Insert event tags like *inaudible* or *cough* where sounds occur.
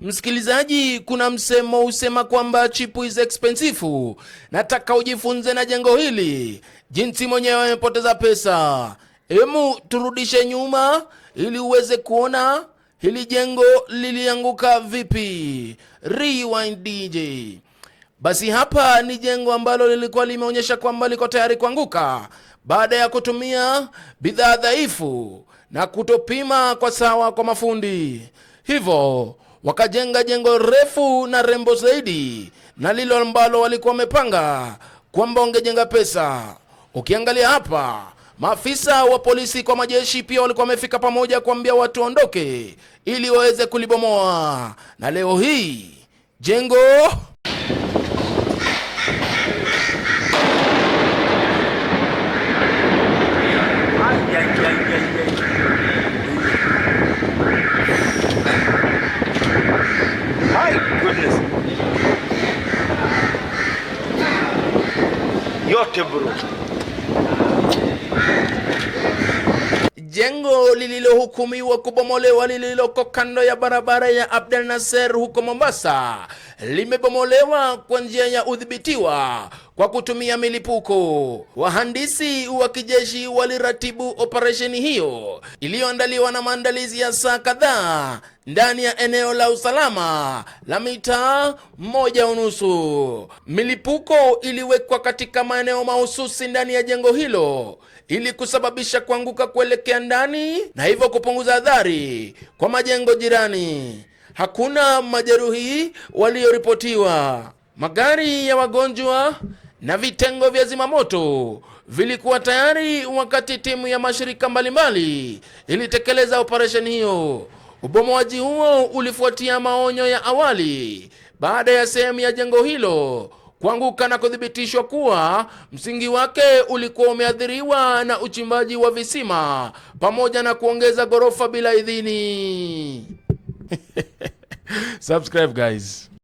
Msikilizaji, kuna msemo usema kwamba cheap is expensive. Nataka ujifunze na jengo hili, jinsi mwenyewe amepoteza pesa. Hemu turudishe nyuma ili uweze kuona hili jengo lilianguka vipi. Rewind DJ. Basi hapa ni jengo ambalo lilikuwa limeonyesha kwamba liko tayari kuanguka baada ya kutumia bidhaa dhaifu na kutopima kwa sawa kwa mafundi hivyo wakajenga jengo refu na rembo zaidi na lilo ambalo walikuwa wamepanga kwamba wangejenga pesa. Ukiangalia hapa, maafisa wa polisi kwa majeshi pia walikuwa wamefika pamoja kuambia watu waondoke ili waweze kulibomoa, na leo hii jengo goodness. Yote bro. Jengo lililohukumiwa kubomolewa lililoko kando ya barabara ya Abdel Nasser huko Mombasa limebomolewa kwa njia ya udhibitiwa kwa kutumia milipuko. Wahandisi wa kijeshi waliratibu operesheni hiyo iliyoandaliwa na maandalizi ya saa kadhaa ndani ya eneo la usalama la mitaa moja unusu. Milipuko iliwekwa katika maeneo mahususi ndani ya jengo hilo ili kusababisha kuanguka kuelekea ndani na hivyo kupunguza adhari kwa majengo jirani. Hakuna majeruhi walioripotiwa. Magari ya wagonjwa na vitengo vya zimamoto vilikuwa tayari wakati timu ya mashirika mbalimbali ilitekeleza operesheni hiyo. Ubomoaji huo ulifuatia maonyo ya awali baada ya sehemu ya jengo hilo kuanguka na kuthibitishwa kuwa msingi wake ulikuwa umeathiriwa na uchimbaji wa visima pamoja na kuongeza ghorofa bila idhini. *laughs* Subscribe guys.